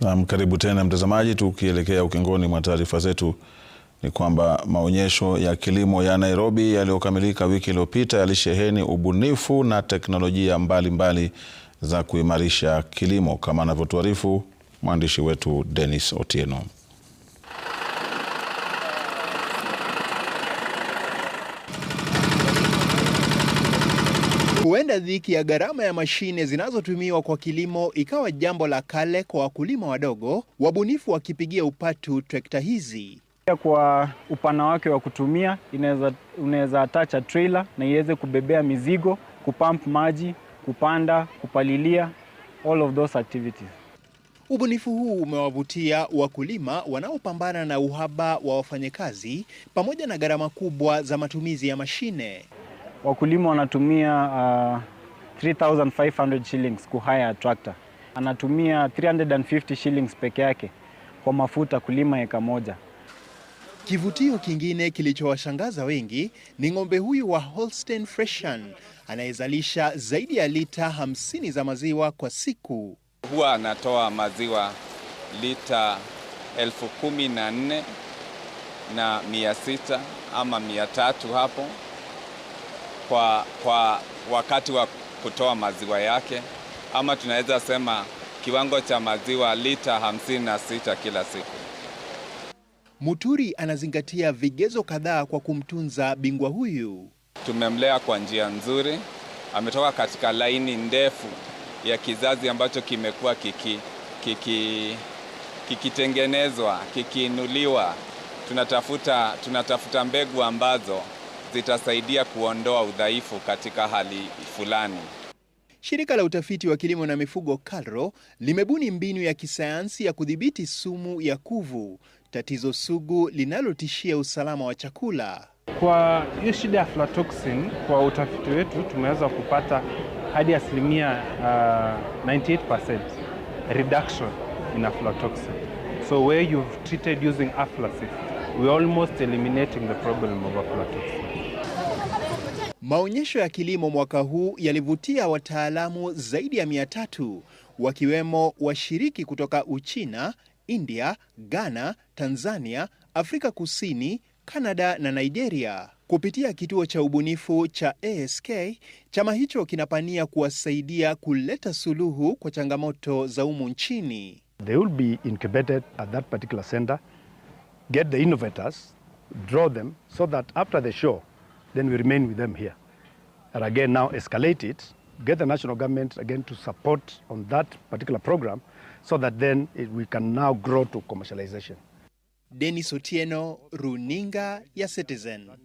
Naam, karibu tena mtazamaji, tukielekea ukingoni mwa taarifa zetu ni kwamba maonyesho ya kilimo ya Nairobi yaliyokamilika wiki iliyopita yalisheheni ubunifu na teknolojia mbalimbali mbali za kuimarisha kilimo kama anavyotuarifu mwandishi wetu Dennis Otieno. Huenda dhiki ya gharama ya mashine zinazotumiwa kwa kilimo ikawa jambo la kale kwa wakulima wadogo, wabunifu wakipigia upatu trekta hizi. Kwa upana wake wa kutumia, unaweza atacha trailer na iweze kubebea mizigo, kupump maji, kupanda, kupalilia, all of those activities. Ubunifu huu umewavutia wakulima wanaopambana na uhaba wa wafanyakazi pamoja na gharama kubwa za matumizi ya mashine. Wakulima wanatumia uh, 3500 shillings kuhaya tractor. Anatumia 350 shillings peke yake kwa mafuta kulima eka moja. Kivutio kingine kilichowashangaza wengi ni ng'ombe huyu wa Holstein Freshan anayezalisha zaidi ya lita hamsini za maziwa kwa siku. Huwa anatoa maziwa lita elfu kumi na nne na mia sita ama mia tatu hapo kwa, kwa wakati wa kutoa maziwa yake, ama tunaweza sema kiwango cha maziwa lita 56 kila siku. Muturi anazingatia vigezo kadhaa kwa kumtunza bingwa huyu. Tumemlea kwa njia nzuri, ametoka katika laini ndefu ya kizazi ambacho kimekuwa kiki kiki kikitengenezwa kikiinuliwa. Tunatafuta, tunatafuta mbegu ambazo zitasaidia kuondoa udhaifu katika hali fulani. Shirika la utafiti wa kilimo na mifugo KALRO limebuni mbinu ya kisayansi ya kudhibiti sumu ya kuvu, tatizo sugu linalotishia usalama wa chakula. Kwa hiyo shida ya aflatoxin, kwa utafiti wetu tumeweza kupata hadi asilimia uh, 98% reduction in aflatoxin. So where you've treated using aflasafe, we're almost eliminating the problem of aflatoxin. Maonyesho ya kilimo mwaka huu yalivutia wataalamu zaidi ya mia tatu wakiwemo washiriki kutoka Uchina, India, Ghana, Tanzania, Afrika Kusini, Kanada na Nigeria. Kupitia kituo cha ubunifu cha ASK, chama hicho kinapania kuwasaidia kuleta suluhu kwa changamoto za umu nchini. They will be incubated at that particular center, get the innovators, draw them so that after the show then we remain with them here. And again, now escalate it, get the national government again to support on that particular program so that then it, we can now grow to commercialization. denis Otieno, Runinga ya Citizen.